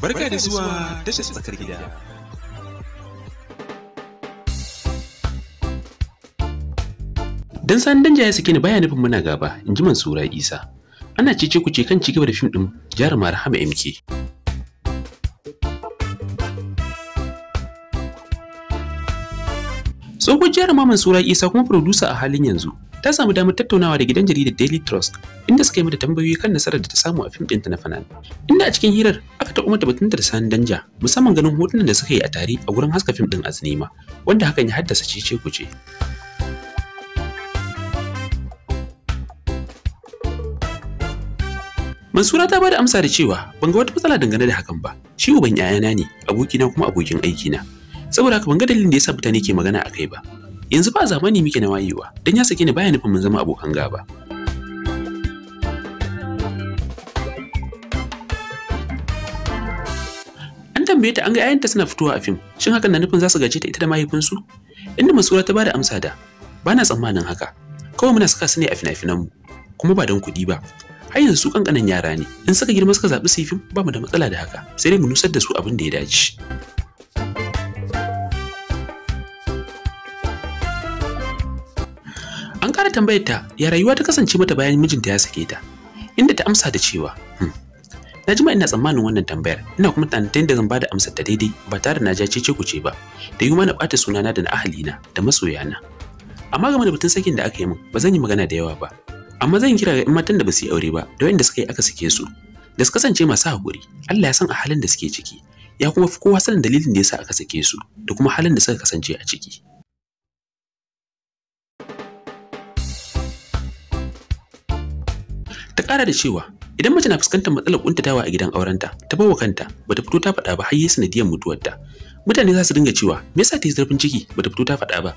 Barka da zuwa tashar tsakar gida. Dan san Danja jaya suke ni baya nufin muna gaba, in ji Mansura Isa. Ana cece ku ce kan cigaba da fim ɗin Jarumar Hama MK. Tsohon jarumaman Sura Isa kuma producer a halin yanzu ta samu damar tattaunawa da gidan jaridar Daily Trust inda suka yi mata tambayoyi kan nasarar da ta samu a fim ta na Fanan. Inda a cikin hirar aka ta mata batun da Sani Danja musamman ganin hotunan da suka yi a tare a gurin haska fim ɗin sinima, wanda hakan ya haddasa cece kuce. Mansura ta bada amsa da cewa ban ga wata matsala dangane da hakan ba. Shi uban 'ya'yana ne, abokina kuma abokin aikina. saboda haka ban ga dalilin da yasa mutane ke magana a kai ba yanzu ba zamani muke na wayewa dan ya sake ni baya nufin mun zama abokan gaba an tambaye ta an ga ayanta suna fitowa a fim shin hakan na nufin za su gaje ta ita da mahaifinsu inda masura ta bada amsa da ba tsammanin haka kawai muna saka su ne a fina mu kuma ba don kuɗi ba har yanzu su kankanan yara ne in suka girma suka zaɓi su yi fim ba mu da matsala da haka sai dai mu nusar da su abin da ya dace tambayar ta ya rayuwa ta kasance mata bayan mijinta ya sake ta inda ta amsa da cewa hmm, na jima ina tsammanin wannan tambayar ina kuma tantan da zan bada amsar ta daidai ba tare na jace ce kuce ba da yi mana bata sunana da na ahalina da masoyana amma game da batun sakin da aka yi min ba zan yi magana da yawa ba amma zan kira ga yan matan da ba su yi aure ba da wanda suka yi aka sake su da su kasance masu haƙuri Allah ya san a halin da suke ciki ya kuma fi kowa sanin dalilin da yasa aka sake su da kuma halin da suka kasance a ciki ƙara da cewa idan mace na fuskantar matsalar kuntatawa a gidan aurenta ta bawa kanta bata fito ta faɗa ba har yi sanadiyar mutuwarta mutane za su dinga cewa me yasa ta yi zurfin ciki bata fito ta faɗa ba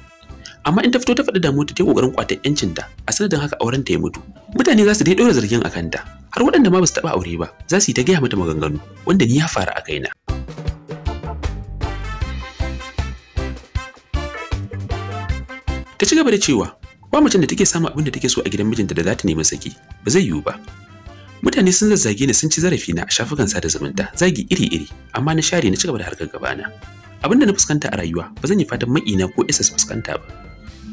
amma in ta fito ta faɗi damuwa ta yi ƙoƙarin yancin ƴancinta a sanadin haka aurenta ya mutu mutane za su dai ɗora zargin a kanta har waɗanda ma ba su taɓa aure ba za su yi ta gaya mata maganganu wanda ni ya fara a kaina. ta ci gaba da cewa Ba macen da take samu abin da take so a gidan mijinta da za ta nemi saki, ba zai yiwu ba. Mutane sun zazzage ni sun ci zarafi na a shafukan sada zumunta, zagi iri-iri, amma na share na cigaba da harkar gabana. Abin da na fuskanta a rayuwa, ba zan yi fatan ma'ina ko isa fuskanta ba.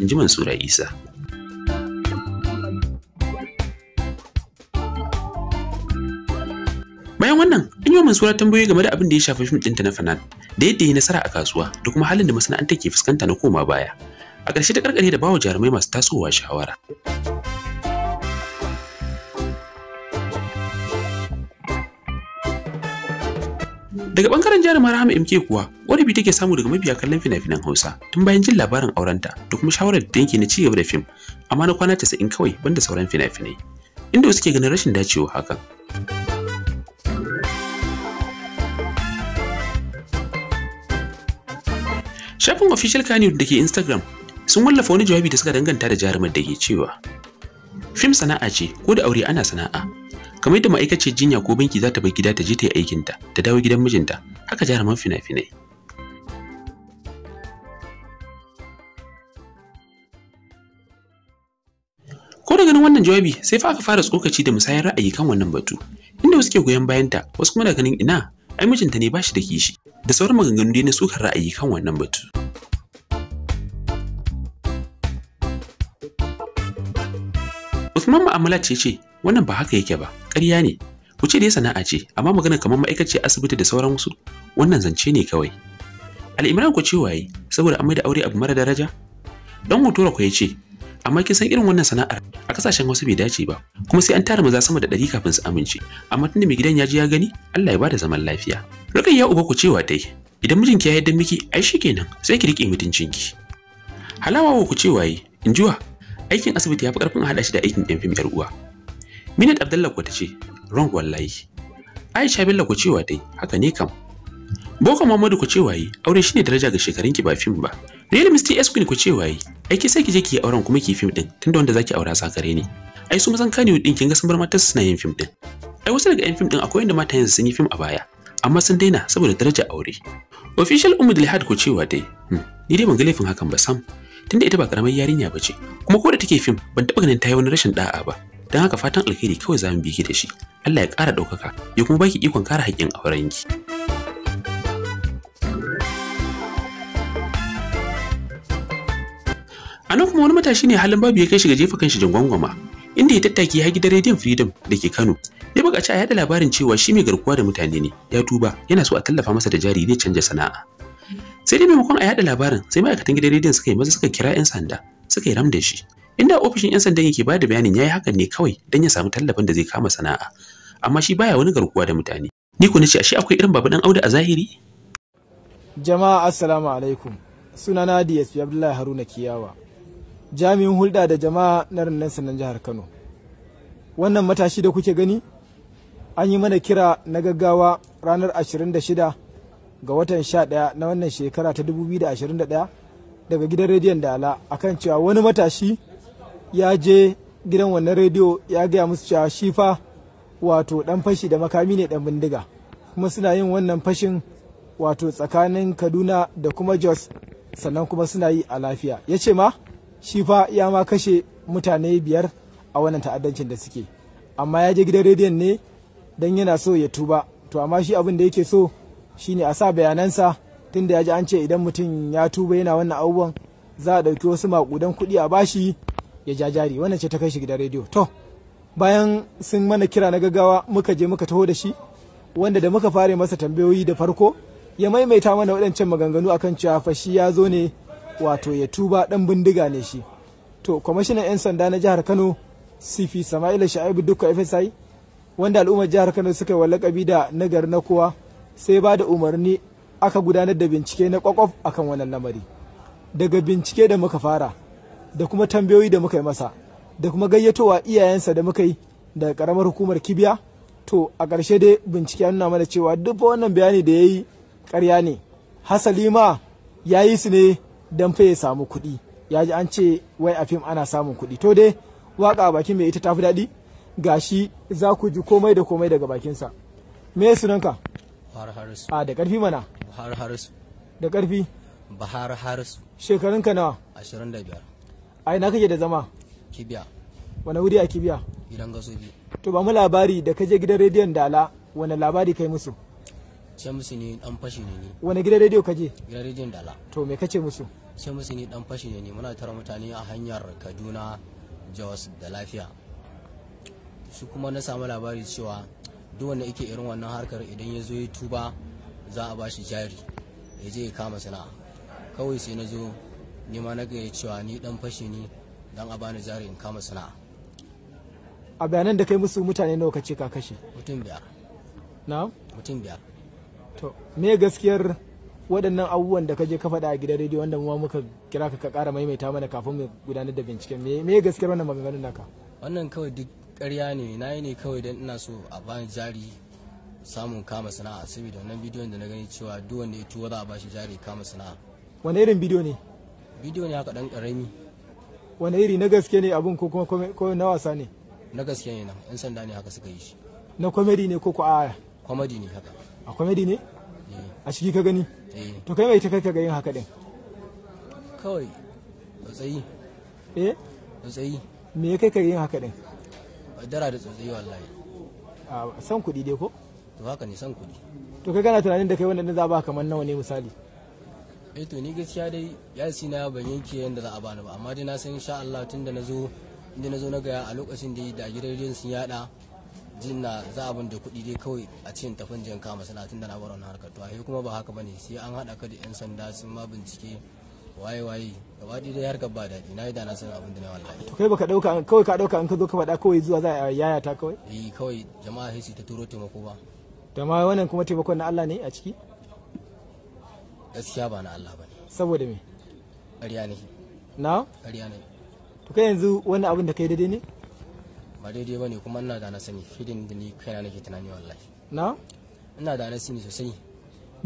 In ji Mansura Isa. Bayan wannan, an yi wa Mansura tambayoyi game da abin da ya shafi fim na Fanan, da yadda ya nasara a kasuwa da kuma halin da masana'anta ke fuskanta na koma baya, a ƙarshe ta ƙarƙare da bawa jarumai masu tasowa shawara daga bangaren jarumar rahama mk kuwa bi take samu daga mabiya kallon fina-finan hausa tun bayan jin labarin aurenta da kuma shawarar da yanke na cigaba da fim amma na kwana ta sa'in kawai banda sauran fina-finai inda wasu ke ganin rashin dacewa hakan Shafin official Kannywood da ke Instagram sun wallafa wani jawabi da suka danganta da jarumar da ke cewa fim sana'a ce ko da aure ana sana'a kamar yadda ma'aikaciyar jinya ko banki za ta bar gida ta je ta yi aikinta ta dawo gidan mijinta haka jaruman fina-finai ko da ganin wannan jawabi sai fa aka fara tsokaci da musayar ra'ayi kan wannan batu inda wasu ke goyon bayanta wasu kuma da ganin ina ai mijinta ne ba shi da kishi da sauran maganganu dai na sukar ra'ayi kan wannan batu Kuma mu'amala ce ce wannan ba haka yake ba ƙarya ne ku ce dai sana'a ce amma magana kamar ma'aikaci asibiti da sauran wasu wannan zance ne kawai. Al'imran ku ce waye saboda an da aure abu mara daraja? Dan hotora ku ya ce amma kin san irin wannan sana'ar a kasashen wasu bai dace ba kuma sai an tara maza sama da ɗari kafin su amince amma tunda mai gidan ya ji ya gani Allah ya bada zaman lafiya. Rakan ya uba ku cewa dai idan mijinki ya yarda miki ai shi kenan sai ki rike mutuncinki. Halawa ku ce waye injuwa aikin asibiti ya fi ƙarfin haɗa shi da aikin yan fim yar uwa minat Abdullahi ko ta ce rong wallahi aisha bello ko cewa dai haka ne kam boko muhammadu ko cewa yi aure shine daraja ga shekarun ki ba fim ba real mr s ko cewa yi aiki sai ki je ki yi auren kuma ki fim din tunda wanda zaki aura sakare ne ai su mazan kani din kin ga sun bar matar suna yin fim din ai wasu daga yan fim din akwai wanda mata yanzu sun yi fim a baya amma sun daina saboda daraja aure official ummu Lihad ko cewa dai hmm, ni dai ban ga laifin hakan ba sam tunda ita ba karamar yarinya ba ce kuma ko da take fim ban taɓa ganin ta yi wani rashin da'a ba don haka fatan alheri kawai za mu bi ki da shi Allah ya ƙara ɗaukaka ya kuma baki ikon kare haƙƙin aurenki. A nan kuma wani matashi ne halin babu ya kai shi ga jefa kanshi inda ya tattaki ya gidan Radio Freedom da ke Kano. Ya buƙaci a yaɗa labarin cewa shi mai garkuwa da mutane ne, ya tuba, yana so a tallafa masa da jari zai canja sana'a. sai dai maimakon a yada labarin sai ma'aikatan gidan rediyon suka yi maza suka kira 'yan sanda suka yi ram da shi inda ofishin 'yan sanda yake bada bayanin yayi hakan ne kawai don ya samu tallafin da zai kama sana'a amma shi baya wani garkuwa da mutane ni ku nace shi akwai irin babu dan auda a zahiri jama'a assalamu alaikum sunana DSP Abdullahi Haruna Kiyawa jami'in hulɗa da jama'a na rannan sanan jihar Kano wannan matashi da kuke gani an yi mana kira na gaggawa ranar da shida. ga watan 11 na wannan shekara ta 2021 daga gidan rediyon dala akan cewa wani matashi ya je gidan wannan rediyo ya gaya musu cewa shifa fa wato dan fashi da makami ne dan bindiga kuma suna yin wannan fashin wato tsakanin kaduna da kuma jos sannan kuma suna yi a lafiya ya ce ma shifa ya ma kashe mutane biyar a wannan ta'addancin da suke amma ya je gidan rediyon ne don yana so ya tuba to amma shi abin da yake so shine a sa bayanansa tunda ya ji an ce idan mutum ya tuba yana wannan abubuwan za a ɗauki wasu maƙudan kuɗi a bashi ya ja jari wannan ce ta kai shi gidan rediyo to bayan sun mana kira na gaggawa muka je muka taho da shi wanda da muka fara masa tambayoyi da farko ya maimaita mana waɗancan maganganu akan cewa fa shi ya zo ne wato ya tuba ɗan bindiga ne shi to kwamishinan 'yan sanda na jihar kano sifi sama'ila sha'ibu duka fsi wanda al'ummar jihar kano suka yi wa lakabi da nagar na kowa sai ba da umarni aka gudanar da bincike na kwakwaf akan wannan lamari daga bincike da muka fara da kuma tambayoyi da muka yi masa da kuma gayyatowa iyayensa da muka yi daga karamar hukumar kibiya to a ƙarshe dai bincike ya nuna mana cewa duk wannan bayani da ya yi ƙarya ne hasali ma ya yi su ne don fa ya samu kuɗi ya ji an ce wai a fim ana samun kuɗi to dai waka a bakin mai ita tafi daɗi gashi za ku ji komai da komai daga bakinsa me sunanka Bahar Harisu. A da ƙarfi mana? Bahar Harisu. Da ƙarfi? bahar Harisu. Shekarun ka nawa? Ashirin da biyar. A ina kake da zama? Kibiya. Wani wuri a Kibiya? Gidan gasobi. To ba mu labari da kaje gidan rediyon Dala wani labari kai musu? Ce musu ni dan fashi ne ni. Wani gidan rediyo kaje? Gidan rediyon Dala. To me kace musu? Ce musu ni dan fashi ne ni muna tara mutane a hanyar Kaduna Jos da lafiya. Su kuma na samu labari cewa duk wanda yake irin wannan harkar idan ya zo ya tuba za a bashi jari ya je ya kama sana'a kawai sai na zo ni ma na gaya cewa ni dan fashi ne dan a bani jari in kama sana'a a bayanan da kai musu mutane nawa kace ka kashe mutum biyar na mutum biyar to me gaskiyar waɗannan abubuwan da ka je ka faɗa a gidan rediyo wanda mu muka kira ka ka ƙara maimaita mana kafin mu gudanar da binciken me gaskiyar wannan maganganun naka wannan kawai duk karya ne na yi ne kawai don ina so a bani jari samun kama sana'a saboda wannan bidiyon da na gani cewa duk wanda ya tuwo za a bashi jari kama sana'a wani irin bidiyo ne bidiyo ne haka dan karami wani iri na gaske ne abun ko kuma ko na wasa ne na gaske ne nan yan sanda ne haka suka yi shi na komedi ne ko ko a komedi ne haka a komedi ne eh. a ciki ka gani eh. to kai mai ta kai ka ga yin haka din kawai tsayi eh tsayi me ya kai ka yin haka din dara da tsotsi wallahi a san kuɗi dai ko to haka ne san kuɗi to kai kana tunanin da kai wanda za ba kamar nawa ne misali eh to ni gaskiya dai yasi na ban yanke yanda za a bani ba amma dai na san insha Allah tun na zo inda na na gaya a lokacin da da gidan sun yada jin na za bin da kuɗi dai kawai a cikin tafin jan kama tun da na bar wannan harkar to kuma ba haka bane sai an haɗa ka da 'yan sanda sun ma bincike waye waye gaba dai harkar ba daɗi na yi da na san abin da na wallahi to kai baka dauka kawai ka dauka in ka zo ka faɗa kawai zuwa za a yaya ta kawai eh kawai jama'a sai ta turo taimako ba to ma wannan kuma taimakon na Allah ne a ciki gaskiya ba na Allah bane saboda me ƙarya ne na ƙarya ne to kai yanzu wannan abin da kai daidai ne ba daidai bane kuma ina da na sani hidin da ni kaina nake tunani wallahi na ina da na sani sosai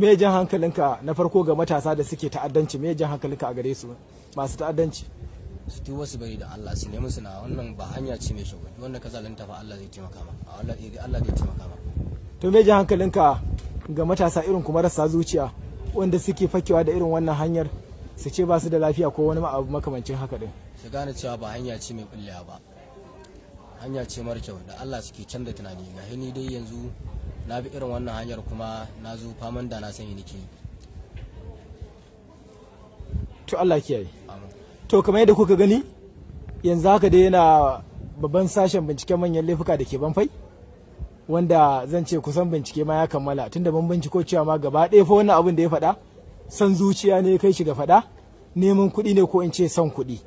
me jan hankalinka na farko ga matasa da suke ta'addanci me jan hankalinka a gare su masu ta'addanci su tuba su bari da Allah su nemi suna wannan ba hanya ce mai shago wanda ka zalunta fa Allah zai taimaka ma eh, Allah zai taimaka ma to me jan hankalinka ga matasa irin kuma rasa zuciya wanda suke fakewa da irin wannan hanyar su ce ba su da lafiya ko wani abu makamancin haka din su gane cewa ba hanya ce mai bullewa ba hanya ce mara kyau da Allah suke canza tunani ga ni dai yanzu na bi irin wannan hanyar kuma na zo faman da na sani nake to Allah kiyaye to kamar yadda kuka gani yanzu haka dai yana babban sashen binciken manyan laifuka da ke banfai wanda zan ce kusan bincike ma ya kammala tunda ban binciko cewa ma gaba ɗaya fa wannan abin da ya faɗa san zuciya ne kai shi ga faɗa neman kuɗi ne ko in ce son kuɗi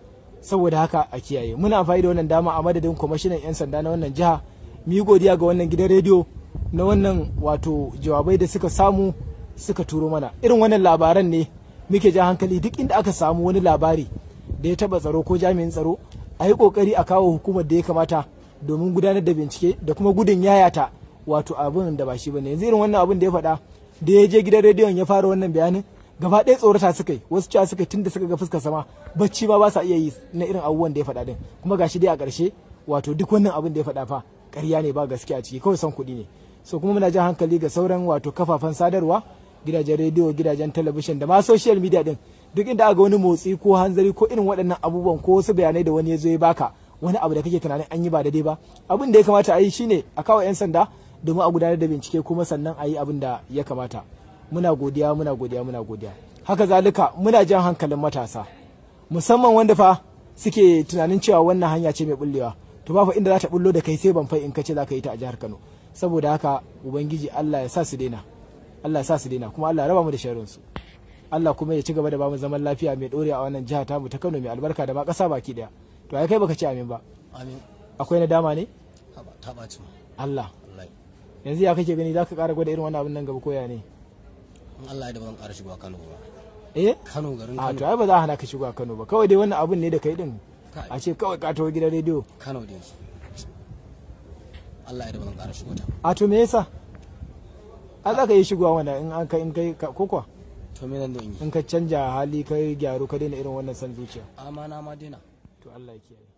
saboda haka a kiyaye muna amfani da wannan dama a madadin kwamishinan 'yan sanda na wannan jiha mu yi godiya ga wannan gidan rediyo na wannan wato jawabai da suka samu suka turo mana irin wannan labaran ne muke ja hankali duk inda aka samu wani labari da ya taba tsaro ko jami'in tsaro a yi kokari a kawo hukumar da ya kamata domin gudanar da bincike da kuma gudun yayata wato abin da ba shi bane yanzu irin wannan abin da ya faɗa da ya je gidan rediyon ya fara wannan bayanin gaba ɗaya tsorata suka yi wasu cewa suka tunda suka ga fuskar sama bacci ma ba sa iya yi na irin abubuwan da ya faɗa din kuma gashi dai a ƙarshe wato duk wannan abin da ya faɗa fa ƙarya ne ba gaskiya a ciki kawai son kuɗi ne so kuma muna jan hankali ga sauran wato kafafen sadarwa gidajen rediyo gidajen talabishin da ma social media din duk inda aka wani motsi ko hanzari ko irin waɗannan abubuwan ko wasu bayanai da wani ya zo ya baka wani abu da kake tunanin an yi ba daidai ba abin da ya kamata a yi shine a kawo 'yan sanda domin a gudanar da bincike kuma sannan a yi abin da ya kamata muna godiya muna godiya muna godiya haka zalika muna jan hankalin matasa musamman wanda fa suke tunanin cewa wannan hanya ce mai bullewa to ba fa inda za ta bullo da kai sai ban fai in kace za ka yi ta a jihar Kano saboda haka ubangiji Allah ya sa su daina Allah ya sa su daina kuma Allah ya raba mu da sharrin su Allah kuma ya ci gaba da bamu zaman lafiya mai dore a wannan jiha tamu ta Kano mai albarka da ma ƙasa baki daya to ai kai baka ce amin ba amin akwai dama ne ta ɓaci Allah yanzu ya kake gani za ka ƙara gwada irin wannan abin nan gaba koya ne in Allah ya da ban ƙara shigowa Kano ba eh Kano garin Kano a to ai ba za a hana ka shigowa Kano ba kawai dai wannan abin ne da kai din a ce kawai ka tawo gidan rediyo Kano din Allah ya ban ƙara shigo ta a to me yasa a za ka yi shigowa wanda in an ka kai ko kuwa to me nan da in yi? In ka canja hali kai gyaru ka daina irin wannan san zuciya Amana ma daina to Allah ya kiyaye